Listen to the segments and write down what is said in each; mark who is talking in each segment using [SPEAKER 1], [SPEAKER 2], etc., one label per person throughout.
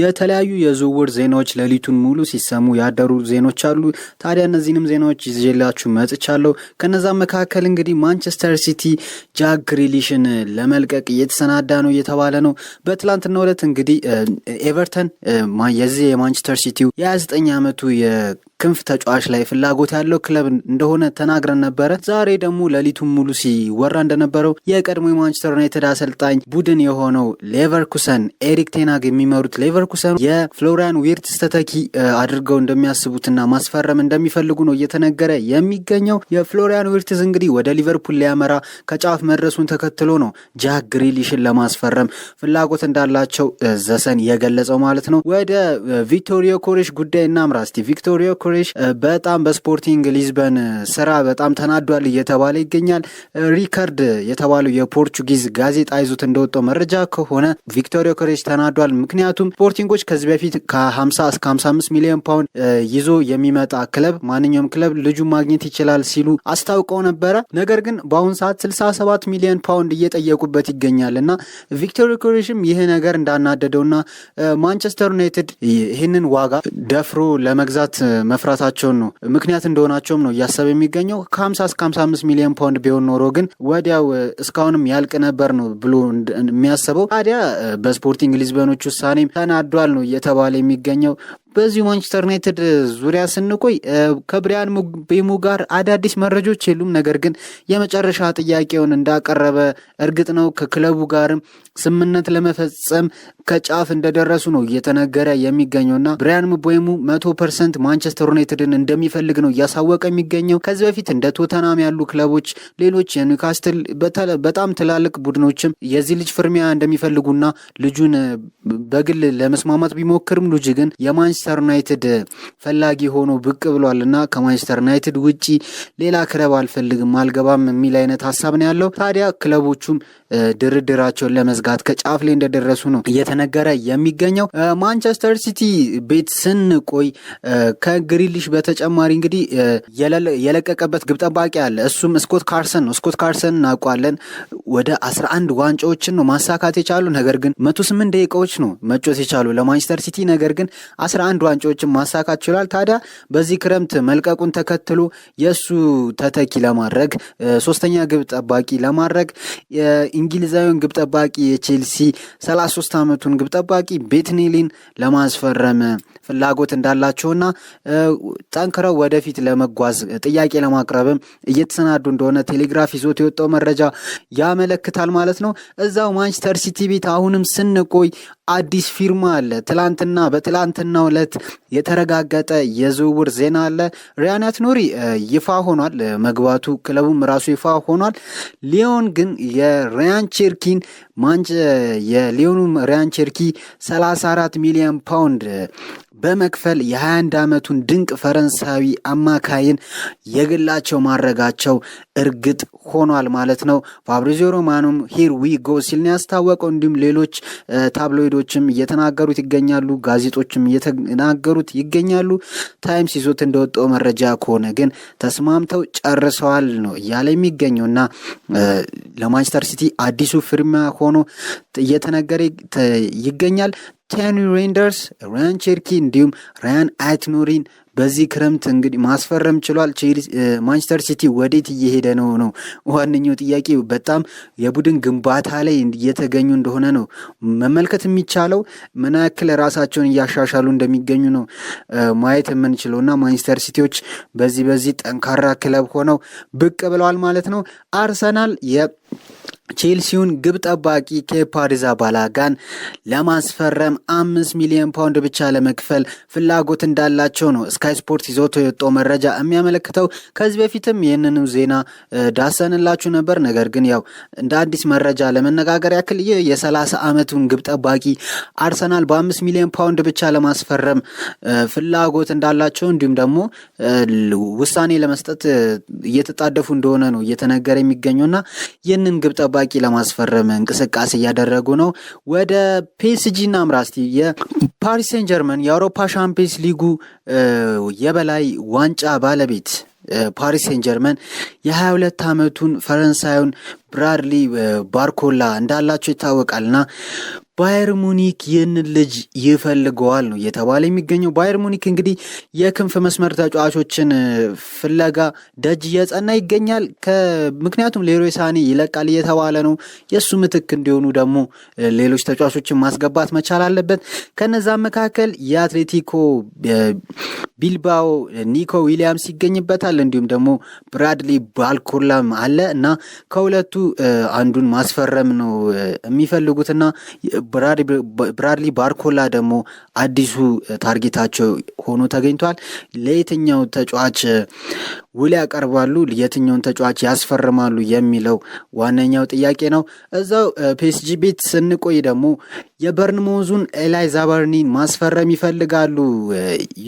[SPEAKER 1] የተለያዩ የዝውውር ዜናዎች ሌሊቱን ሙሉ ሲሰሙ ያደሩ ዜናዎች አሉ። ታዲያ እነዚህንም ዜናዎች ይዤላችሁ መጥቻለሁ። ከነዛ መካከል እንግዲህ ማንቸስተር ሲቲ ጃክ ግሪሊሽን ለመልቀቅ እየተሰናዳ ነው እየተባለ ነው። በትላንትናው ዕለት እንግዲህ ኤቨርተን የዚህ የማንቸስተር ሲቲው የ29 ዓመቱ ክንፍ ተጫዋች ላይ ፍላጎት ያለው ክለብ እንደሆነ ተናግረን ነበረ። ዛሬ ደግሞ ሌሊቱን ሙሉ ሲወራ እንደነበረው የቀድሞ የማንቸስተር ዩናይትድ አሰልጣኝ ቡድን የሆነው ሌቨርኩሰን ኤሪክ ቴናግ የሚመሩት ሌቨርኩሰን የፍሎሪያን ዊርትስ ተተኪ አድርገው እንደሚያስቡትና ማስፈረም እንደሚፈልጉ ነው እየተነገረ የሚገኘው። የፍሎሪያን ዊርትስ እንግዲህ ወደ ሊቨርፑል ሊያመራ ከጫፍ መድረሱን ተከትሎ ነው ጃክ ግሪሊሽን ለማስፈረም ፍላጎት እንዳላቸው ዘሰን የገለጸው ማለት ነው። ወደ ቪክቶሪዮ ኮሬሽ ጉዳይ እናምራ እስቲ ቪክቶሪዮ ኮሬሽ በጣም በስፖርቲንግ ሊዝበን ስራ በጣም ተናዷል እየተባለ ይገኛል። ሪከርድ የተባለው የፖርቹጊዝ ጋዜጣ ይዞት እንደወጣው መረጃ ከሆነ ቪክቶሪዮ ኮሬሽ ተናዷል። ምክንያቱም ስፖርቲንጎች ከዚህ በፊት ከ50 እስከ 55 ሚሊዮን ፓውንድ ይዞ የሚመጣ ክለብ ማንኛውም ክለብ ልጁ ማግኘት ይችላል ሲሉ አስታውቀው ነበረ። ነገር ግን በአሁኑ ሰዓት 67 ሚሊዮን ፓውንድ እየጠየቁበት ይገኛል እና ቪክቶሪ ኮሬሽም ይህ ነገር እንዳናደደውና ማንቸስተር ዩናይትድ ይህንን ዋጋ ደፍሮ ለመግዛት መፍራታቸውን ነው ምክንያት እንደሆናቸውም ነው እያሰበ የሚገኘው። ከ50 እስከ 55 ሚሊዮን ፓውንድ ቢሆን ኖሮ ግን ወዲያው እስካሁንም ያልቅ ነበር ነው ብሎ የሚያስበው። ታዲያ በስፖርቲንግ ሊዝበኖች ውሳኔ ተናዷል ነው እየተባለ የሚገኘው። በዚሁ ማንቸስተር ዩናይትድ ዙሪያ ስንቆይ ከብሪያን ቤሙ ጋር አዳዲስ መረጃዎች የሉም። ነገር ግን የመጨረሻ ጥያቄውን እንዳቀረበ እርግጥ ነው። ከክለቡ ጋርም ስምምነት ለመፈጸም ከጫፍ እንደደረሱ ነው እየተነገረ የሚገኘውና ብሪያን ምቦይሙ መቶ ፐርሰንት ማንቸስተር ዩናይትድን እንደሚፈልግ ነው እያሳወቀ የሚገኘው። ከዚህ በፊት እንደ ቶተናም ያሉ ክለቦች፣ ሌሎች የኒውካስትል በጣም ትላልቅ ቡድኖችም የዚህ ልጅ ፍርሚያ እንደሚፈልጉና ልጁን በግል ለመስማማት ቢሞክርም ልጅ ግን ማንቸስተር ዩናይትድ ፈላጊ ሆኖ ብቅ ብሏል እና ከማንቸስተር ዩናይትድ ውጪ ሌላ ክለብ አልፈልግም አልገባም የሚል አይነት ሀሳብ ነው ያለው። ታዲያ ክለቦቹም ድርድራቸውን ለመዝጋት ከጫፍ ላይ እንደደረሱ ነው እየተነገረ የሚገኘው። ማንቸስተር ሲቲ ቤት ስንቆይ ከግሪሊሽ በተጨማሪ እንግዲህ የለቀቀበት ግብ ጠባቂ አለ። እሱም ስኮት ካርሰን ነው። ስኮት ካርሰን እናውቋለን። ወደ 11 ዋንጫዎችን ነው ማሳካት የቻሉ ነገር ግን 108 ደቂቃዎች ነው መጮት የቻሉ ለማንቸስተር ሲቲ ነገር ግን 11 አንድ ዋንጫዎችን ማሳካት ችሏል። ታዲያ በዚህ ክረምት መልቀቁን ተከትሎ የእሱ ተተኪ ለማድረግ ሶስተኛ ግብ ጠባቂ ለማድረግ የእንግሊዛዊን ግብ ጠባቂ የቼልሲ 33 ዓመቱን ግብ ጠባቂ ቤትኔሊን ለማስፈረም ፍላጎት እንዳላቸውና ጠንክረው ወደፊት ለመጓዝ ጥያቄ ለማቅረብም እየተሰናዱ እንደሆነ ቴሌግራፍ ይዞት የወጣው መረጃ ያመለክታል ማለት ነው። እዛው ማንቸስተር ሲቲ ቤት አሁንም ስንቆይ አዲስ ፊርማ አለ። ትላንትና በትላንትና ዕለት የተረጋገጠ የዝውውር ዜና አለ። ሪያናት ኖሪ ይፋ ሆኗል መግባቱ፣ ክለቡም ራሱ ይፋ ሆኗል። ሊዮን ግን የሪያን ቸርኪን ማንጭ የሊዮኑም ሪያን ቸርኪ 34 ሚሊዮን ፓውንድ በመክፈል የ21 ዓመቱን ድንቅ ፈረንሳዊ አማካይን የግላቸው ማድረጋቸው እርግጥ ሆኗል ማለት ነው። ፋብሪዚዮ ሮማኖም ሂር ዊ ጎ ሲል ነው ያስታወቀው። እንዲሁም ሌሎች ታብሎይዶችም እየተናገሩት ይገኛሉ፣ ጋዜጦችም እየተናገሩት ይገኛሉ። ታይምስ ይዞት እንደወጣው መረጃ ከሆነ ግን ተስማምተው ጨርሰዋል ነው እያለ የሚገኘውና ለማንቸስተር ሲቲ አዲሱ ፊርማ ሆኖ እየተነገረ ይገኛል። ቴኒ ሬንደርስ፣ ራያን ቼርኪ እንዲሁም ራያን አይትኖሪን በዚህ ክረምት እንግዲህ ማስፈረም ችሏል። ማንቸስተር ሲቲ ወዴት እየሄደ ነው ነው ዋነኛው ጥያቄ። በጣም የቡድን ግንባታ ላይ እየተገኙ እንደሆነ ነው መመልከት የሚቻለው። ምን ያክል ራሳቸውን እያሻሻሉ እንደሚገኙ ነው ማየት የምንችለው እና ማንቸስተር ሲቲዎች በዚህ በዚህ ጠንካራ ክለብ ሆነው ብቅ ብለዋል ማለት ነው። አርሰናል ቼልሲውን ግብ ጠባቂ ኬፓ አሪዛባላጋን ለማስፈረም አምስት ሚሊዮን ፓውንድ ብቻ ለመክፈል ፍላጎት እንዳላቸው ነው ስካይ ስፖርት ይዞት የወጣው መረጃ የሚያመለክተው። ከዚህ በፊትም ይህንን ዜና ዳሰንላችሁ ነበር። ነገር ግን ያው እንደ አዲስ መረጃ ለመነጋገር ያክል ይህ የሰላሳ ዓመቱን ግብ ጠባቂ አርሰናል በአምስት ሚሊዮን ፓውንድ ብቻ ለማስፈረም ፍላጎት እንዳላቸው እንዲሁም ደግሞ ውሳኔ ለመስጠት እየተጣደፉ እንደሆነ ነው እየተነገረ የሚገኘውና ይህንን ግብ ጠባቂ ጠባቂ ለማስፈረም እንቅስቃሴ እያደረጉ ነው። ወደ ፒኤስጂ እናምራ ምራስቲ የፓሪስ ሴን ጀርመን የአውሮፓ ሻምፒየንስ ሊጉ የበላይ ዋንጫ ባለቤት ፓሪስ ሴን ጀርመን የ22 ዓመቱን ፈረንሳዩን ብራድሊ ባርኮላ እንዳላቸው ይታወቃልና ባየር ሙኒክ ይህንን ልጅ ይፈልገዋል ነው እየተባለ የሚገኘው። ባየር ሙኒክ እንግዲህ የክንፍ መስመር ተጫዋቾችን ፍለጋ ደጅ እየጸና ይገኛል። ምክንያቱም ሌሮይ ሳኔ ይለቃል እየተባለ ነው። የእሱ ምትክ እንዲሆኑ ደግሞ ሌሎች ተጫዋቾችን ማስገባት መቻል አለበት። ከነዛ መካከል የአትሌቲኮ ቢልባኦ ኒኮ ዊሊያምስ ይገኝበታል። እንዲሁም ደግሞ ብራድሊ ባልኮላም አለ እና ከሁለቱ አንዱን ማስፈረም ነው የሚፈልጉትና ብራድሊ ባርኮላ ደግሞ አዲሱ ታርጌታቸው ሆኖ ተገኝቷል። ለየትኛው ተጫዋች ውል ያቀርባሉ፣ የትኛውን ተጫዋች ያስፈርማሉ የሚለው ዋነኛው ጥያቄ ነው። እዛው ፒኤስጂ ቤት ስንቆይ ደግሞ የበርንሞዙን ኤላይ ዛበርኒን ማስፈረም ይፈልጋሉ፣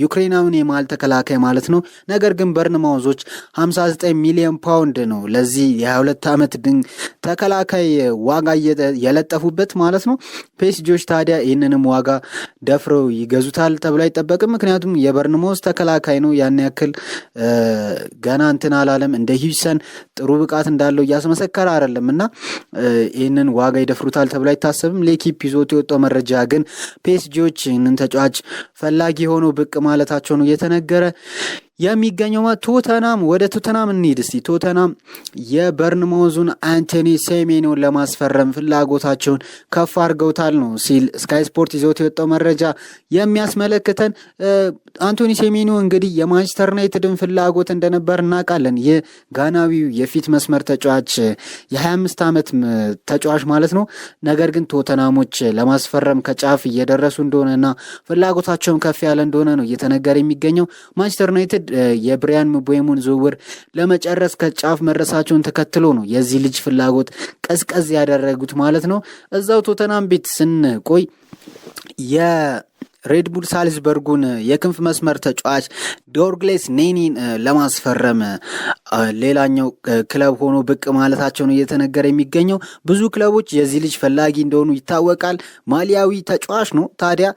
[SPEAKER 1] ዩክሬናዊን የማል ተከላካይ ማለት ነው። ነገር ግን በርንማውዞች 59 ሚሊዮን ፓውንድ ነው ለዚህ የ22 ዓመት ድን ተከላካይ ዋጋ የለጠፉበት ማለት ነው። ፒኤስጂዎች ታዲያ ይህንንም ዋጋ ደፍረው ይገዙታል ተብሎ አይጠበቅም። ምክንያቱም የበርንሞዝ ተከላካይ ነው ያን ያክል ገና እንትን አላለም። እንደ ሂጅሰን ጥሩ ብቃት እንዳለው እያስመሰከረ አይደለም እና ይህንን ዋጋ ይደፍሩታል ተብሎ አይታሰብም። ሌኪፕ ይዞት የወጣው መረጃ ግን ፔስጂዎች ይህንን ተጫዋች ፈላጊ የሆነው ብቅ ማለታቸው ነው እየተነገረ የሚገኘው ቶተናም። ወደ ቶተናም እንሂድ እስቲ። ቶተናም የበርንማውዙን አንቶኒ ሴሜኒን ለማስፈረም ፍላጎታቸውን ከፍ አድርገውታል ነው ሲል ስካይ ስፖርት ይዘውት የወጣው መረጃ የሚያስመለክተን። አንቶኒ ሴሜኒዮ እንግዲህ የማንቸስተር ዩናይትድን ፍላጎት እንደነበር እናውቃለን። ይህ ጋናዊው የፊት መስመር ተጫዋች የ25 ዓመት ተጫዋች ማለት ነው። ነገር ግን ቶተናሞች ለማስፈረም ከጫፍ እየደረሱ እንደሆነና ፍላጎታቸውም ከፍ ያለ እንደሆነ ነው እየተነገረ የሚገኘው። ማንቸስተር ዩናይትድ የብሪያን ምቦሙን ዝውውር ለመጨረስ ከጫፍ መድረሳቸውን ተከትሎ ነው የዚህ ልጅ ፍላጎት ቀዝቀዝ ያደረጉት ማለት ነው። እዛው ቶተናም ቤት ስንቆይ ሬድቡል ሳልዝበርጉን የክንፍ መስመር ተጫዋች ዶርግሌስ ኔኒን ለማስፈረም ሌላኛው ክለብ ሆኖ ብቅ ማለታቸው ነው እየተነገረ የሚገኘው። ብዙ ክለቦች የዚህ ልጅ ፈላጊ እንደሆኑ ይታወቃል። ማሊያዊ ተጫዋች ነው። ታዲያ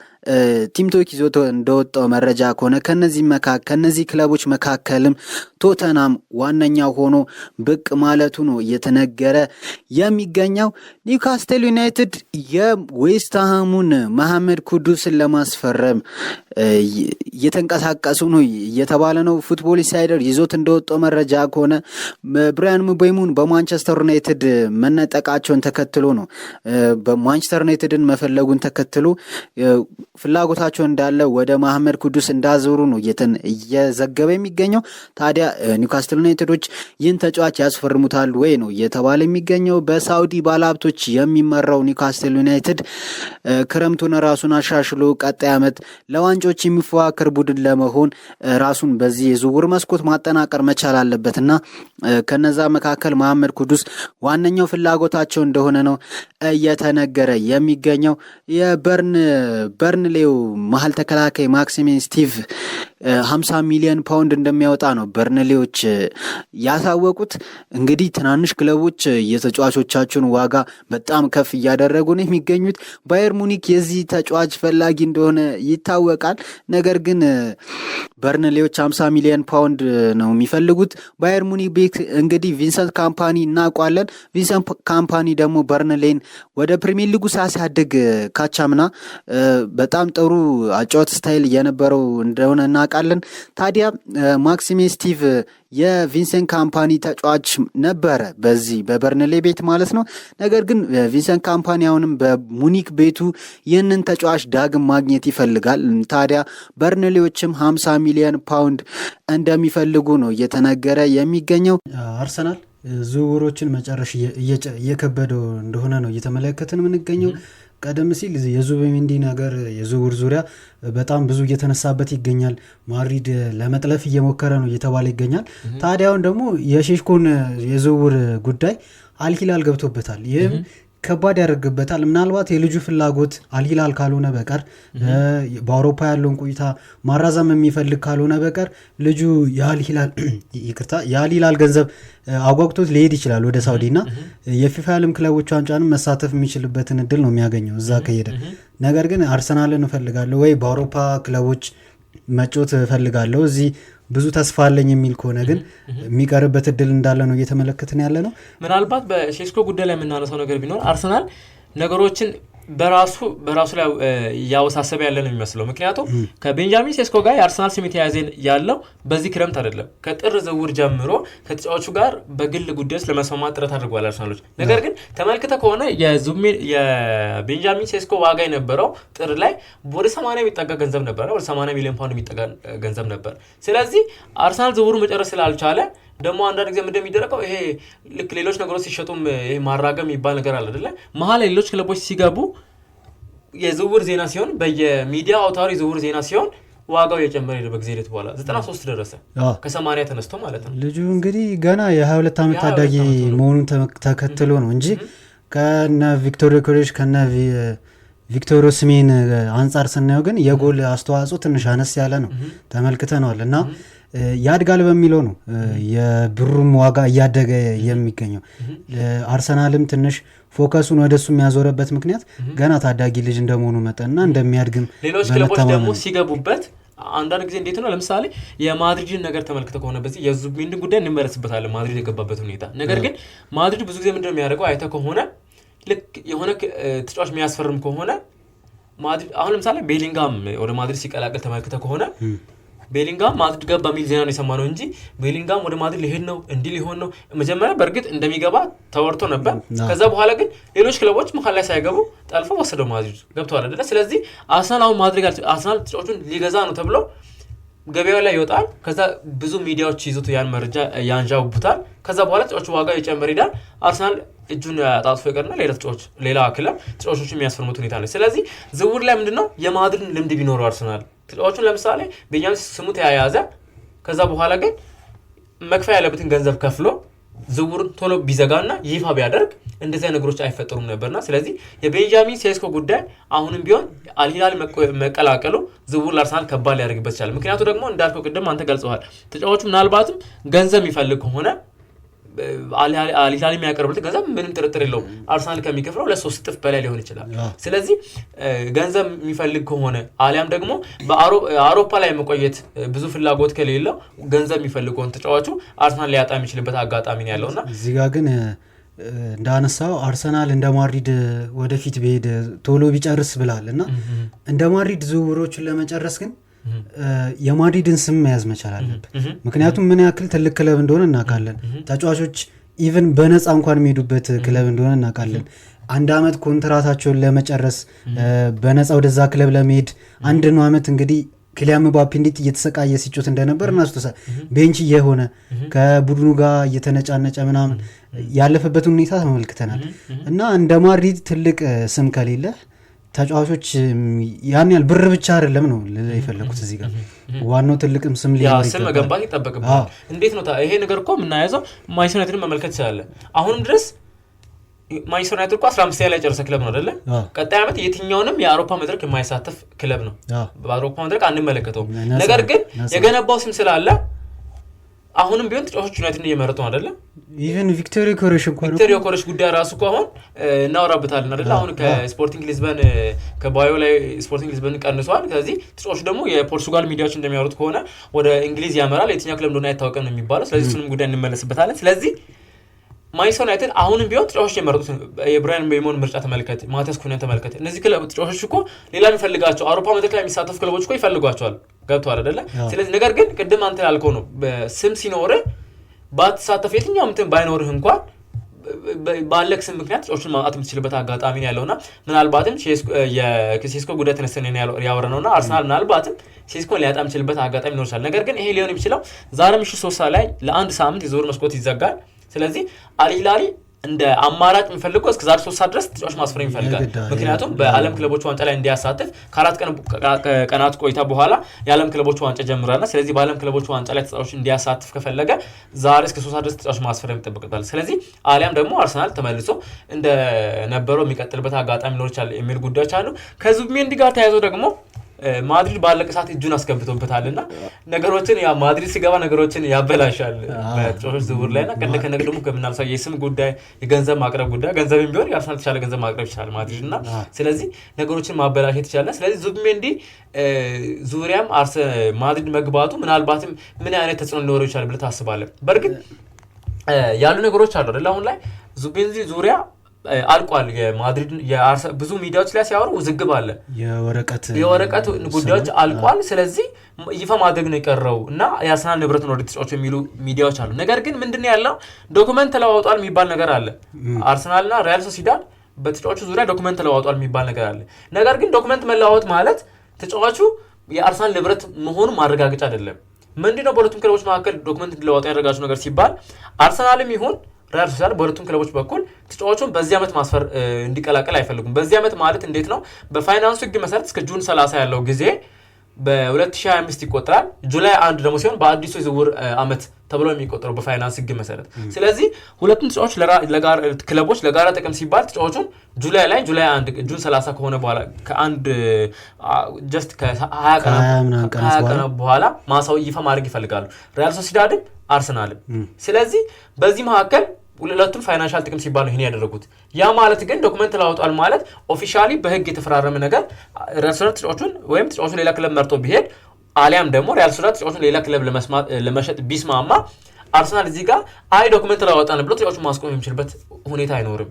[SPEAKER 1] ቲምቶክ ይዞት እንደወጣው መረጃ ከሆነ ከነዚህ ከነዚህ ክለቦች መካከልም ቶተናም ዋነኛው ሆኖ ብቅ ማለቱ ነው እየተነገረ የሚገኘው። ኒውካስተል ዩናይትድ የዌስትሃሙን መሐመድ ኩዱስን ለማስፈረም እየተንቀሳቀሱ ነው እየተባለ ነው። ፉትቦል ኢንሳይደር ይዞት እንደወጣው መረጃ ከሆነ ብራያን ምቤሞን በማንቸስተር ዩናይትድ መነጠቃቸውን ተከትሎ ነው በማንቸስተር ዩናይትድን መፈለጉን ተከትሎ ፍላጎታቸው እንዳለ ወደ ማህመድ ኩዱስ እንዳዞሩ ነው እየዘገበ የሚገኘው። ታዲያ ኒውካስትል ዩናይትዶች ይህን ተጫዋች ያስፈርሙታል ወይ ነው እየተባለ የሚገኘው። በሳውዲ ባለሀብቶች የሚመራው ኒውካስትል ዩናይትድ ክረምቱን ራሱን አሻሽሎ ቀጣይ ዓመት ለዋንጮች የሚፎካከር ቡድን ለመሆን ራሱን በዚህ የዝውውር መስኮት ማጠናቀር መቻል አለበት። እና ከነዛ መካከል መሐመድ ኩዱስ ዋነኛው ፍላጎታቸው እንደሆነ ነው እየተነገረ የሚገኘው። የበርን በርንሌው መሀል ተከላካይ ማክሲሚን ስቲቭ 50 ሚሊዮን ፓውንድ እንደሚያወጣ ነው በርንሌዎች ያሳወቁት። እንግዲህ ትናንሽ ክለቦች የተጫዋቾቻቸውን ዋጋ በጣም ከፍ እያደረጉ ነው የሚገኙት። ባየር ሙኒክ የዚህ ተጫዋች ፈላጊ እንደሆነ ይታወቃል። ነገር ግን በርንሌዎች 50 ሚሊዮን ፓውንድ ነው የሚፈልጉት። ባየር ሙኒ ቤክ እንግዲህ ቪንሰንት ካምፓኒ እናውቋለን። ቪንሰንት ካምፓኒ ደግሞ በርንሌን ወደ ፕሪሚየር ሊጉ ሳያሳድግ ካቻምና በጣም ጥሩ አጫወት ስታይል እየነበረው እንደሆነ እናውቃለን። ታዲያ ማክሲሜ ስቲቭ የቪንሰንት ካምፓኒ ተጫዋች ነበረ በዚህ በበርንሌ ቤት ማለት ነው። ነገር ግን ቪንሰንት ካምፓኒ አሁንም በሙኒክ ቤቱ ይህንን ተጫዋች ዳግም ማግኘት ይፈልጋል። ታዲያ በርንሌዎችም 50 ሚሊዮን ፓውንድ እንደሚፈልጉ ነው እየተነገረ የሚገኘው።
[SPEAKER 2] አርሰናል ዝውውሮችን መጨረሽ እየከበደው እንደሆነ ነው እየተመለከትን የምንገኘው። ቀደም ሲል የዙቢሜንዲ ነገር የዝውውር ዙሪያ በጣም ብዙ እየተነሳበት ይገኛል። ማድሪድ ለመጥለፍ እየሞከረ ነው እየተባለ ይገኛል። ታዲያውን ደግሞ የሼሽኮን የዝውውር ጉዳይ አልሂላል ገብቶበታል። ይህም ከባድ ያደርግበታል። ምናልባት የልጁ ፍላጎት አልሂላል ካልሆነ በቀር በአውሮፓ ያለውን ቆይታ ማራዘም የሚፈልግ ካልሆነ በቀር ልጁ የአልሂላል ገንዘብ አጓጉቶት ሊሄድ ይችላል ወደ ሳውዲ እና የፊፋ የዓለም ክለቦች ዋንጫንም መሳተፍ የሚችልበትን እድል ነው የሚያገኘው እዛ ከሄደ። ነገር ግን አርሰናልን እፈልጋለሁ ወይ በአውሮፓ ክለቦች መጮት እፈልጋለሁ እዚህ ብዙ ተስፋ አለኝ የሚል ከሆነ ግን የሚቀርበት እድል እንዳለ ነው እየተመለከትን ያለ ነው።
[SPEAKER 3] ምናልባት በሴስኮ ጉዳይ ላይ የምናነሳው ነገር ቢኖር አርሰናል ነገሮችን በራሱ በራሱ ላይ እያወሳሰበ ያለ ነው የሚመስለው። ምክንያቱም ከቤንጃሚን ሴስኮ ጋር የአርሰናል ስሜት የያዘ ያለው በዚህ ክረምት አይደለም። ከጥር ዝውውር ጀምሮ ከተጫዋቹ ጋር በግል ጉዳዮች ለመስማማት ጥረት አድርጓል አርሰናሎች። ነገር ግን ተመልክተ ከሆነ የቤንጃሚን ሴስኮ ዋጋ የነበረው ጥር ላይ ወደ 8 የሚጠጋ ገንዘብ ነበረ፣ ወደ 8 ሚሊዮን ፓውንድ የሚጠጋ ገንዘብ ነበር። ስለዚህ አርሰናል ዝውውሩ መጨረስ ስላልቻለ ደግሞ አንዳንድ ጊዜም እንደሚደረገው ይሄ ልክ ሌሎች ነገሮች ሲሸጡም ይሄ ማራገም የሚባል ነገር አለ አደለ መሀል ሌሎች ክለቦች ሲገቡ የዝውውር ዜና ሲሆን በየሚዲያ አውታሩ የዝውውር ዜና ሲሆን ዋጋው የጨመረ ሄደ። በጊዜ ሂደት በኋላ ሶስት ደረሰ ከ ተነስቶ ማለት ነው።
[SPEAKER 2] ልጁ እንግዲህ ገና የሀያ ሁለት ዓመት ታዳጊ መሆኑን ተከትሎ ነው እንጂ ከነ ቪክቶሪ ኮሌጅ ከነ ቪክቶሪ ስሜን አንጻር ስናየው ግን የጎል አስተዋጽኦ ትንሽ አነስ ያለ ነው፣ ተመልክተነዋል እና ያድጋል በሚለው ነው የብሩም ዋጋ እያደገ የሚገኘው። አርሰናልም ትንሽ ፎከሱን ወደሱ የሚያዞረበት ምክንያት ገና ታዳጊ ልጅ እንደመሆኑ መጠንና እንደሚያድግም
[SPEAKER 3] ሌሎች ክለቦች ደግሞ ሲገቡበት አንዳንድ ጊዜ እንዴት ነው ለምሳሌ የማድሪድን ነገር ተመልክተ ከሆነ በዚህ የዙቢሜንዲን ጉዳይ እንመለስበታለን፣ ማድሪድ የገባበት ሁኔታ። ነገር ግን ማድሪድ ብዙ ጊዜ ምንድነው የሚያደርገው አይተ ከሆነ ልክ የሆነ ተጫዋች የሚያስፈርም ከሆነ ማድሪድ አሁን ለምሳሌ ቤሊንጋም ወደ ማድሪድ ሲቀላቀል ተመልክተ ከሆነ ቤሊንጋም ማድሪድ ገባ በሚል ዜና ነው የሰማነው እንጂ ቤሊንጋም ወደ ማድሪድ ሊሄድ ነው እንዲህ ሊሆን ነው። መጀመሪያ በእርግጥ እንደሚገባ ተወርቶ ነበር። ከዛ በኋላ ግን ሌሎች ክለቦች መካል ላይ ሳይገቡ ጠልፎ ወሰደው ማድሪድ ገብተዋል አይደለ? ስለዚህ አርሰናል አሁን ማድሪድ አርሰናል ተጫዎቹን ሊገዛ ነው ተብሎ ገበያው ላይ ይወጣል። ከዛ ብዙ ሚዲያዎች ይዞት ያን መረጃ ያንዣቡታል። ከዛ በኋላ ተጫዎቹ ዋጋ የጨመር ሄዳል። አርሰናል እጁን ጣጥፎ ይቀርና ሌላ ተጫዎች ሌላ ክለብ ተጫዋቾች የሚያስፈርሙት ሁኔታ አለ። ስለዚህ ዝውውር ላይ ምንድነው የማድሪድን ልምድ ቢኖረው አርሰናል ክፍያዎቹን ለምሳሌ ቤንጃሚን ስሙ ተያያዘ። ከዛ በኋላ ግን መክፈያ ያለበትን ገንዘብ ከፍሎ ዝውውሩን ቶሎ ቢዘጋና ይፋ ቢያደርግ እንደዚያ ነገሮች አይፈጠሩም ነበርና ስለዚህ የቤንጃሚን ሴስኮ ጉዳይ አሁንም ቢሆን አልሂላል መቀላቀሉ ዝውውር ለአርሰናል ከባድ ሊያደርግበት ይችላል። ምክንያቱ ደግሞ እንዳልከው ቅድም አንተ ገልጸዋል። ተጫዋቹ ምናልባትም ገንዘብ የሚፈልግ ከሆነ አልሂላል የሚያቀርብለት ገንዘብ ምንም ጥርጥር የለውም አርሰናል ከሚከፍለው ለሶስት እጥፍ በላይ ሊሆን ይችላል። ስለዚህ ገንዘብ የሚፈልግ ከሆነ አሊያም ደግሞ በአውሮፓ ላይ መቆየት ብዙ ፍላጎት ከሌለው ገንዘብ የሚፈልግ ከሆነ ተጫዋቹ አርሰናል ሊያጣ የሚችልበት አጋጣሚ ነው ያለው ና
[SPEAKER 2] እዚህ ጋር ግን እንዳነሳው አርሰናል እንደ ማድሪድ ወደፊት ብሄድ ቶሎ ቢጨርስ ብላል እና እንደ ማድሪድ ዝውውሮችን ለመጨረስ ግን የማድሪድን ስም መያዝ መቻል አለብ ምክንያቱም ምን ያክል ትልቅ ክለብ እንደሆነ እናውቃለን። ተጫዋቾች ኢቨን በነፃ እንኳን የሚሄዱበት ክለብ እንደሆነ እናውቃለን። አንድ አመት ኮንትራታቸውን ለመጨረስ በነፃ ወደዛ ክለብ ለመሄድ አንድ ነው ዓመት እንግዲህ ክሊያም ምባፔ እንዴት እየተሰቃየ ሲጮት እንደነበር እናስታውሳል። ቤንች የሆነ ከቡድኑ ጋር እየተነጫነጨ ምናምን ያለፈበትን ሁኔታ ተመልክተናል እና እንደ ማድሪድ ትልቅ ስም ከሌለ ተጫዋቾች ያን ያህል ብር ብቻ አይደለም ነው የፈለኩት እዚህ ጋር ዋናው ትልቅም ስም
[SPEAKER 3] ስም መገንባት ይጠበቅብሃል። እንዴት ነው ይሄ ነገር እኮ የምናያዘው ማንቸስተር ዩናይትድን መመልከት ይችላለን። አሁንም ድረስ ማንቸስተር ዩናይትድ እኮ 15 ላይ ጨረሰ ክለብ ነው አይደለ? ቀጣይ ዓመት የትኛውንም የአውሮፓ መድረክ የማይሳተፍ ክለብ ነው። በአውሮፓ መድረክ አንመለከተውም። ነገር ግን የገነባው ስም ስላለ አሁንም ቢሆን ተጫዋቾች ዩናይትድ እየመረጡ ነው አይደለም።
[SPEAKER 2] ኢቨን ቪክቶሪ ኮሬሽ እኮ
[SPEAKER 3] ቪክቶሪ ኮሬሽ ጉዳይ ራሱ እኮ አሁን እናወራበታለን አይደለ። አሁን ከስፖርቲንግ ሊዝበን ከባዮ ላይ ስፖርቲንግ ሊዝበን ቀንሷል። ከዚህ ተጫዋቹ ደግሞ የፖርቱጋል ሚዲያዎች እንደሚያወሩት ከሆነ ወደ እንግሊዝ ያመራል። የትኛው ክለብ እንደሆነ አይታወቅም ነው የሚባለው። ስለዚህ እሱንም ጉዳይ እንመለስበታለን። ስለዚህ ማንቸስተር ዩናይትድ አሁንም ቢሆን ተጫዋቾች የመረጡት የብራያን ቤሞን ምርጫ ተመልከት፣ ማቴስ ኩኛን ተመልከት። እነዚህ ክለብ ተጫዋቾች እኮ ሌላ የሚፈልጋቸው አውሮፓ መድረክ ላይ የሚሳተፉ ክለቦች እኮ ይፈልጓቸዋል። ገብተዋል አይደለ? ስለዚህ ነገር ግን ቅድም አንተ ያልከው ነው ስም ሲኖር ባትሳተፍ የትኛው ምትን ባይኖርህ እንኳን ባለክ ስም ምክንያት ተጫዋቾችን ማጣት የምትችልበት አጋጣሚ ነው ያለውና ምናልባትም የሴስኮ ጉዳይ ተነስተን ያወረ ነውና አርሰናል ምናልባትም ሴስኮን ሊያጣ የምችልበት አጋጣሚ ይኖርሻል። ነገር ግን ይሄ ሊሆን የሚችለው ዛሬ ምሽት ሶስት ሰዓት ላይ ለአንድ ሳምንት የዞር መስኮት ይዘጋል። ስለዚህ አልሂላሊ እንደ አማራጭ የሚፈልገው እስከ ዛሬ ሶስት ድረስ ተጫዋች ማስፈረም ይፈልጋል። ምክንያቱም በዓለም ክለቦች ዋንጫ ላይ እንዲያሳትፍ ከአራት ቀናት ቆይታ በኋላ የዓለም ክለቦች ዋንጫ ጀምራልና ስለዚህ በዓለም ክለቦች ዋንጫ ላይ ተጫዋች እንዲያሳትፍ ከፈለገ ዛሬ እስከ ሶስት ድረስ ተጫዋች ማስፈረም ይጠበቅበታል። ስለዚህ አሊያም ደግሞ አርሰናል ተመልሶ እንደነበረው የሚቀጥልበት አጋጣሚ ሊኖር ይችላል የሚል ጉዳዮች አሉ። ከዙቢሜንዲ ጋር ተያይዞ ደግሞ ማድሪድ ባለቀ ሰዓት እጁን አስገብቶበታል እና ነገሮችን ማድሪድ ሲገባ ነገሮችን ያበላሻል በተጫዋቾች ዝውውር ላይ እና ቀን ከነገ ደግሞ ከምናነሳው የስም ጉዳይ፣ የገንዘብ ማቅረብ ጉዳይ ገንዘብም ቢሆን የአርሰናል የተሻለ ገንዘብ ማቅረብ ይችላል ማድሪድ እና ስለዚህ ነገሮችን ማበላሸት ይችላልና ስለዚህ ዙቢሜንዲ ዙሪያም ማድሪድ መግባቱ ምናልባትም ምን አይነት ተጽዕኖ ሊኖረው ይችላል ብለ ታስባለን። በእርግጥ ያሉ ነገሮች አሉ አይደል አሁን ላይ ዙቢሜንዲ ዙሪያ አልቋል። ብዙ ሚዲያዎች ላይ ሲያወሩ ውዝግብ አለ።
[SPEAKER 2] የወረቀት
[SPEAKER 3] ጉዳዮች አልቋል። ስለዚህ ይፋ ማድረግ ነው የቀረው እና የአርሰናል ንብረት ነው ወደ ተጫዋቹ የሚሉ ሚዲያዎች አሉ። ነገር ግን ምንድነው ያለው ዶክመንት ተለዋውጧል የሚባል ነገር አለ። አርሰናልና ሪያል ሶሲዳድ በተጫዋቹ ዙሪያ ዶክመንት ተለዋውጧል የሚባል ነገር አለ። ነገር ግን ዶክመንት መለዋወጥ ማለት ተጫዋቹ የአርሰናል ንብረት መሆኑ ማረጋገጫ አይደለም። ምንድነው በሁለቱም ክለቦች መካከል ዶክመንት እንዲለዋወጡ ያደረጋቸው ነገር ሲባል አርሰናልም ይሁን ሪያል ሶሲዳድ በሁለቱም ክለቦች በኩል ተጫዋቹን በዚህ ዓመት ማስፈር እንዲቀላቀል አይፈልጉም። በዚህ ዓመት ማለት እንዴት ነው? በፋይናንሱ ህግ መሰረት እስከ ጁን 30 ያለው ጊዜ በ2025 ይቆጠራል። ጁላይ አንድ ደግሞ ሲሆን በአዲሱ የዝውውር አመት ተብሎ የሚቆጠረው በፋይናንስ ህግ መሰረት። ስለዚህ ሁለቱም ተጫዋች ክለቦች ለጋራ ጥቅም ሲባል ተጫዋቹን ጁላይ ላይ ጁላይ አንድ ጁን 30 ከሆነ በኋላ ከአንድ ጀስት
[SPEAKER 2] ከሀያ 20 ቀናት
[SPEAKER 3] በኋላ ማሳው ይፋ ማድረግ ይፈልጋሉ ሪያል ሶሲዳድም አርሰናልም። ስለዚህ በዚህ መካከል ሁለቱም ፋይናንሻል ጥቅም ሲባል ነው ይህን ያደረጉት። ያ ማለት ግን ዶክመንት ላውጧል ማለት ኦፊሻሊ በህግ የተፈራረመ ነገር ሪያል ሶሲዳድ ተጫዋቹን ወይም ተጫዋቹን ሌላ ክለብ መርጦ ቢሄድ አሊያም ደግሞ ሪያል ሶሲዳድ ተጫዋቹን ሌላ ክለብ ለመሸጥ ቢስማማ አርሰናል እዚህ ጋር አይ ዶክመንት ላወጣን ብሎ ተጫዋቹን ማስቆም የሚችልበት ሁኔታ አይኖርም።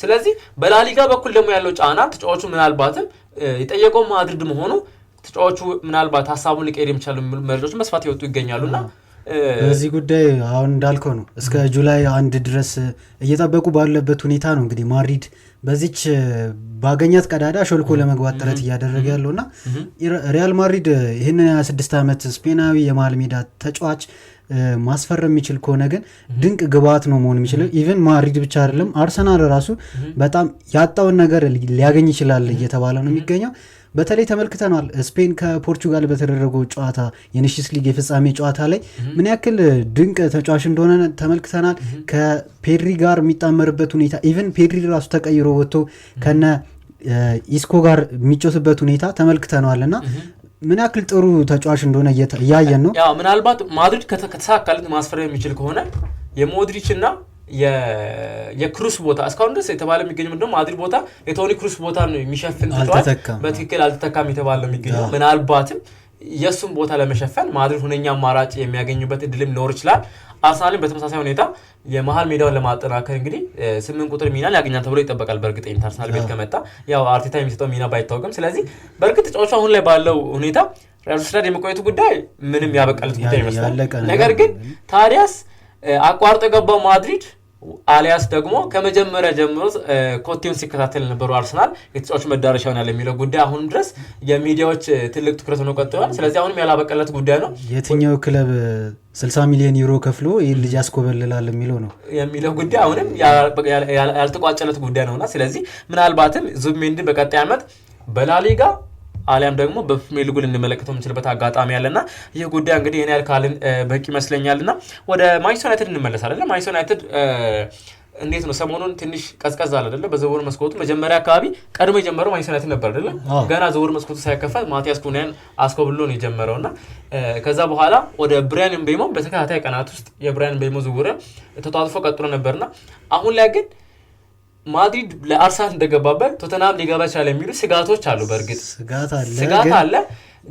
[SPEAKER 3] ስለዚህ በላሊጋ በኩል ደግሞ ያለው ጫና ተጫዋቹ ምናልባትም የጠየቀው ማድሪድ መሆኑ ተጫዋቹ ምናልባት ሀሳቡን ሊቀይር የሚቻሉ መረጃዎች መስፋት ይወጡ ይገኛሉና
[SPEAKER 2] በዚህ ጉዳይ አሁን እንዳልከው ነው እስከ ጁላይ አንድ ድረስ እየጠበቁ ባለበት ሁኔታ ነው እንግዲህ ማድሪድ በዚች ባገኛት ቀዳዳ ሾልኮ ለመግባት ጥረት እያደረገ ያለው እና ሪያል ማድሪድ ይህንን 26 ዓመት ስፔናዊ የመሃል ሜዳ ተጫዋች ማስፈረም የሚችል ከሆነ ግን ድንቅ ግብአት ነው መሆን የሚችለው። ኢቨን ማድሪድ ብቻ አይደለም አርሰናል ራሱ በጣም ያጣውን ነገር ሊያገኝ ይችላል እየተባለ ነው የሚገኘው። በተለይ ተመልክተናል። ስፔን ከፖርቹጋል በተደረገው ጨዋታ የኔሽንስ ሊግ የፍጻሜ ጨዋታ ላይ ምን ያክል ድንቅ ተጫዋች እንደሆነ ተመልክተናል። ከፔድሪ ጋር የሚጣመርበት ሁኔታ ኢቨን ፔድሪ ራሱ ተቀይሮ ወጥቶ ከነ ኢስኮ ጋር የሚጮትበት ሁኔታ ተመልክተነዋል እና ምን ያክል ጥሩ ተጫዋች እንደሆነ እያየን ነው።
[SPEAKER 3] ምናልባት ማድሪድ ከተሳካለት ማስፈረም የሚችል ከሆነ የሞድሪች እና የክሩስ ቦታ እስካሁን ድረስ የተባለ የሚገኘው ምንድነው ማድሪድ ቦታ የቶኒ ክሩስ ቦታ ነው የሚሸፍን ትተዋል። በትክክል አልተተካም የተባለ የሚገኘው ምናልባትም የእሱም ቦታ ለመሸፈን ማድሪድ ሁነኛ አማራጭ የሚያገኙበት እድልም ሊኖር ይችላል። አርሰናልም በተመሳሳይ ሁኔታ የመሀል ሜዳውን ለማጠናከር እንግዲህ ስምንት ቁጥር ሚናን ያገኛል ተብሎ ይጠበቃል። በእርግጠኝነት አርሰናል ቤት ከመጣ ያው አርቴታ የሚሰጠው ሚና ባይታወቅም፣ ስለዚህ በእርግጥ ተጫዋቹ አሁን ላይ ባለው ሁኔታ ሪያል ሶሲዳድ የመቆየቱ ጉዳይ ምንም ያበቃለት ጉዳይ ይመስላል። ነገር ግን ታዲያስ አቋርጦ የገባው ማድሪድ አሊያስ ደግሞ ከመጀመሪያ ጀምሮ ኮቴውን ሲከታተል የነበረው አርሰናል የተጫዋች መዳረሻ ሆናል የሚለው ጉዳይ አሁንም ድረስ የሚዲያዎች ትልቅ ትኩረት ሆኖ ቀጥሏል። ስለዚህ አሁንም ያላበቀለት ጉዳይ ነው።
[SPEAKER 2] የትኛው ክለብ 60 ሚሊዮን ዩሮ ከፍሎ ይህ ልጅ ያስኮበልላል የሚለው ነው
[SPEAKER 3] የሚለው ጉዳይ አሁንም ያልተቋጨለት ጉዳይ ነውና ስለዚህ ምናልባትም ዙቢሜንዲን በቀጣይ ዓመት በላሊጋ አሊያም ደግሞ በፕሪሚየር ሊጉ ልንመለከተው የምንችልበት አጋጣሚ ያለና ይህ ጉዳይ እንግዲህ እኔ ያልካልን በቂ ይመስለኛልና ወደ ማንቸስተር ዩናይትድ እንመለሳለን። ማንቸስተር ዩናይትድ እንዴት ነው ሰሞኑን ትንሽ ቀዝቀዝ አለ አይደለ? በዝውውር መስኮቱ መጀመሪያ አካባቢ ቀድሞ የጀመረው ማንቸስተር ዩናይትድ ነበር አይደለ? ገና ዝውውር መስኮቱ ሳይከፈት ማቲያስ ኩኒያን አስኮብሎ ነው የጀመረው እና ከዛ በኋላ ወደ ብሪያን ምቤሞ በተከታታይ ቀናት ውስጥ የብሪያን ምቤሞ ዝውውር ተጧጥፎ ቀጥሎ ነበርና አሁን ላይ ግን ማድሪድ ለአርሰናል እንደገባበት ቶተናም ሊገባ ይችላል የሚሉ ስጋቶች አሉ። በእርግጥ
[SPEAKER 2] ስጋት
[SPEAKER 3] አለ፣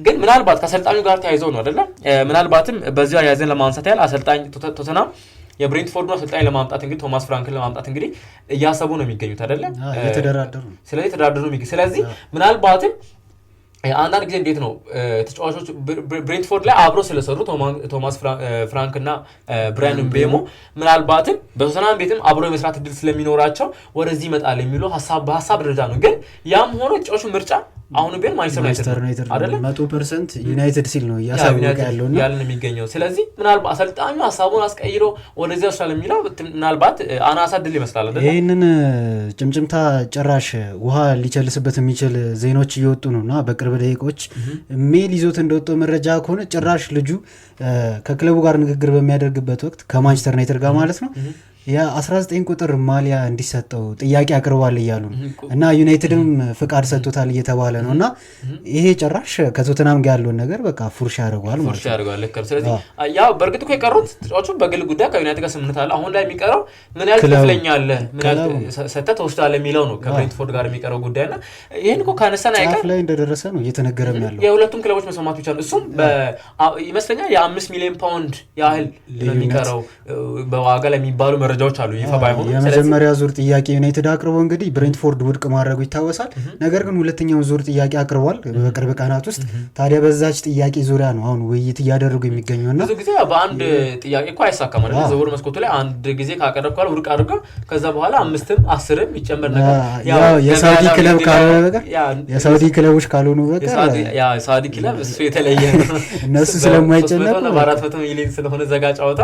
[SPEAKER 3] ግን ምናልባት ከአሰልጣኙ ጋር ተያይዘው ነው አይደለም። ምናልባትም በዚያ ያዘን ለማንሳት ያህል አሰልጣኝ ቶተናም የብሬንትፎርዱን አሰልጣኝ ለማምጣት እንግዲህ ቶማስ ፍራንክን ለማምጣት እንግዲህ እያሰቡ ነው የሚገኙት አደለ? ስለዚህ ተደራደሩ። ስለዚህ ምናልባትም አንዳንድ ጊዜ እንዴት ነው ተጫዋቾች ብሬንትፎርድ ላይ አብሮ ስለሰሩ ቶማስ ፍራንክ እና ብራያን ቤሞ ምናልባትም በቶተንሃም ቤትም አብሮ የመስራት እድል ስለሚኖራቸው ወደዚህ ይመጣል የሚሉ በሀሳብ ደረጃ ነው። ግን ያም ሆኖ ተጫዋቹ ምርጫ አሁን ቢሆን ማንቸስተር
[SPEAKER 2] ዩናይትድ አይደለም መቶ ፐርሰንት ዩናይትድ ሲል ነው እያሳወቀ
[SPEAKER 3] ያለው ያለን የሚገኘው። ስለዚህ ምናልባት አሰልጣኙ ሀሳቡን አስቀይሮ ወደዚያ ይሻል የሚለው ምናልባት አናሳ ድል ይመስላል።
[SPEAKER 2] ይህንን ጭምጭምታ ጭራሽ ውሃ ሊቸልስበት የሚችል ዜናዎች እየወጡ ነው እና በቅርብ ደቂቆች ሜል ይዞት እንደወጣው መረጃ ከሆነ ጭራሽ ልጁ ከክለቡ ጋር ንግግር በሚያደርግበት ወቅት ከማንቸስተር ዩናይትድ ጋር ማለት ነው የ19 ቁጥር ማሊያ እንዲሰጠው ጥያቄ አቅርቧል እያሉ እና ዩናይትድም ፍቃድ ሰጥቶታል እየተባለ ነው እና ይሄ ጭራሽ ከቶትናም ጋር ያለውን ነገር በቃ ፉርሽ ያደርገዋል
[SPEAKER 3] ማለት ነው። ስለዚህ ያው በእርግጥ እኮ የቀሩት ተጫዋቹ በግል ጉዳይ ከዩናይትድ ጋር ስምምነት አለ። አሁን ላይ የሚቀረው ምን ያህል ትከፍለኛለህ፣ ምን ያህል ሰተህ ትወስዳለህ የሚለው ነው ከብሬንትፎርድ ጋር የሚቀረው ጉዳይ እና ይህን እኮ ከነሳን
[SPEAKER 2] አይቀር ላይ እንደደረሰ ነው እየተነገረም
[SPEAKER 3] ያለው የሁለቱም ክለቦች መስማማት ብቻ ነው። እሱም ይመስለኛል የአምስት ሚሊዮን ፓውንድ ያህል የሚቀረው በዋጋ ላይ የሚባሉ መረጃ መረጃዎች አሉ ይፋ ባይሆኑ
[SPEAKER 2] የመጀመሪያ ዙር ጥያቄ ዩናይትድ አቅርቦ እንግዲህ ብሬንትፎርድ ውድቅ ማድረጉ ይታወሳል። ነገር ግን ሁለተኛው ዙር ጥያቄ አቅርቧል በቅርብ ቀናት ውስጥ። ታዲያ በዛች ጥያቄ ዙሪያ ነው አሁን ውይይት እያደረጉ የሚገኘው እና
[SPEAKER 3] ብዙ ጊዜ በአንድ ጥያቄ እኮ አይሳካም አይደል? ዝውውር መስኮቱ ላይ አንድ ጊዜ ካቀረብ ካቀረብኳል ውድቅ አድርገው ከዛ በኋላ አምስትም አስርም ይጨመር
[SPEAKER 2] ነገር የሳውዲ ክለብ ካልሆነ በቀር የሳውዲ ክለቦች ካልሆኑ
[SPEAKER 3] በቀር ሳውዲ ክለብ እሱ የተለየ
[SPEAKER 2] እነሱ
[SPEAKER 3] ስለማይጨነቁ በአራት መቶ ሚሊዮን ስለሆነ ዘጋ ጨዋታ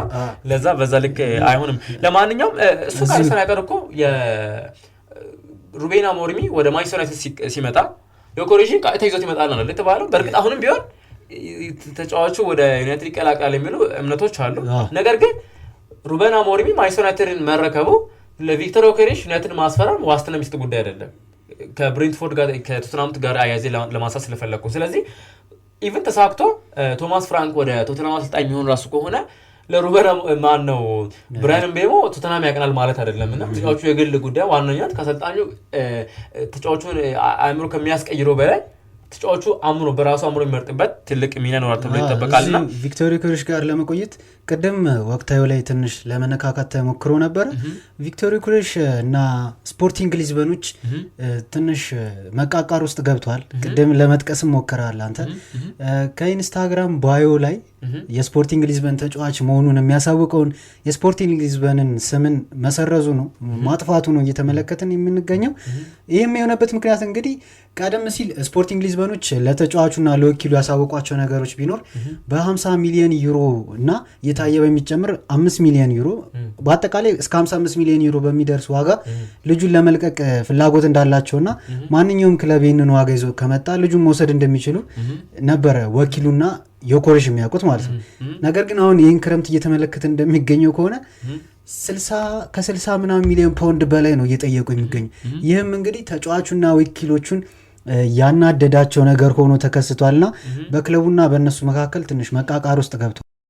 [SPEAKER 3] ለዛ በዛ ልክ አይሆንም ለማ ለማንኛውም እሱ ጋር ሰናቀር እኮ የሩቤና ሞሪሚ ወደ ማንቸስተር ዩናይትድ ሲመጣ የኮሬሽን ቃ ተይዞት ይመጣል ነው የተባለው። በእርግጥ አሁንም ቢሆን ተጫዋቹ ወደ ዩናይትድ ይቀላቀላል የሚሉ እምነቶች አሉ። ነገር ግን ሩበን አሞሪም ማንቸስተር ዩናይትድን መረከቡ ለቪክተር ኦኬሬሽ ዩናይትድ ማስፈረም ዋስትና ሚስጥ ጉዳይ አይደለም። ከብሬንትፎርድ ጋር ከቶትናምት ጋር አያዜ ለማንሳት ስለፈለግኩ፣ ስለዚህ ኢቨን ተሳክቶ ቶማስ ፍራንክ ወደ ቶትናም አሰልጣኝ የሚሆን ራሱ ከሆነ ለሩበን ማን ነው ብራያን ቤሞ ቶተናም ያቀናል ማለት አይደለም። እና ተጫዋቹ የግል ጉዳይ ዋነኛት ከአሰልጣኙ ተጫዋቹን አእምሮ ከሚያስቀይረው በላይ ተጫዋቹ አምኖ በራሱ አምኖ የሚመርጥበት ትልቅ ሚና ይኖራል ተብሎ ይጠበቃልና
[SPEAKER 2] ቪክቶሪ ክሪሽ ጋር ለመቆየት ቅድም ወቅታዊ ላይ ትንሽ ለመነካካት ተሞክሮ ነበረ። ቪክቶሪ ኩሬሽ እና ስፖርቲንግ ሊዝበኖች ትንሽ መቃቃር ውስጥ ገብተዋል። ቅድም ለመጥቀስም ሞክረሃል አንተ ከኢንስታግራም ባዮ ላይ የስፖርቲንግ ሊዝበን ተጫዋች መሆኑን የሚያሳውቀውን የስፖርቲንግ ሊዝበንን ስምን መሰረዙ ነው ማጥፋቱ ነው እየተመለከትን የምንገኘው። ይህም የሆነበት ምክንያት እንግዲህ ቀደም ሲል ስፖርቲንግ ሊዝበኖች ለተጫዋቹና ለወኪሉ ያሳወቋቸው ነገሮች ቢኖር በ50 ሚሊዮን ዩሮ እና እየታየ በሚጨምር አምስት ሚሊዮን ዩሮ በአጠቃላይ እስከ አምስት ሚሊዮን ዩሮ በሚደርስ ዋጋ ልጁን ለመልቀቅ ፍላጎት እንዳላቸውና ማንኛውም ክለብ ይህንን ዋጋ ይዞ ከመጣ ልጁን መውሰድ እንደሚችሉ ነበረ ወኪሉና የኮሬሽ የሚያውቁት ማለት ነው። ነገር ግን አሁን ይህን ክረምት እየተመለከተ እንደሚገኘው ከሆነ ከስልሳ ምናምን ሚሊዮን ፓውንድ በላይ ነው እየጠየቁ የሚገኙ። ይህም እንግዲህ ተጫዋቹና ወኪሎቹን ያናደዳቸው ነገር ሆኖ ተከስቷልና በክለቡና በእነሱ መካከል ትንሽ መቃቃር ውስጥ ገብቷል።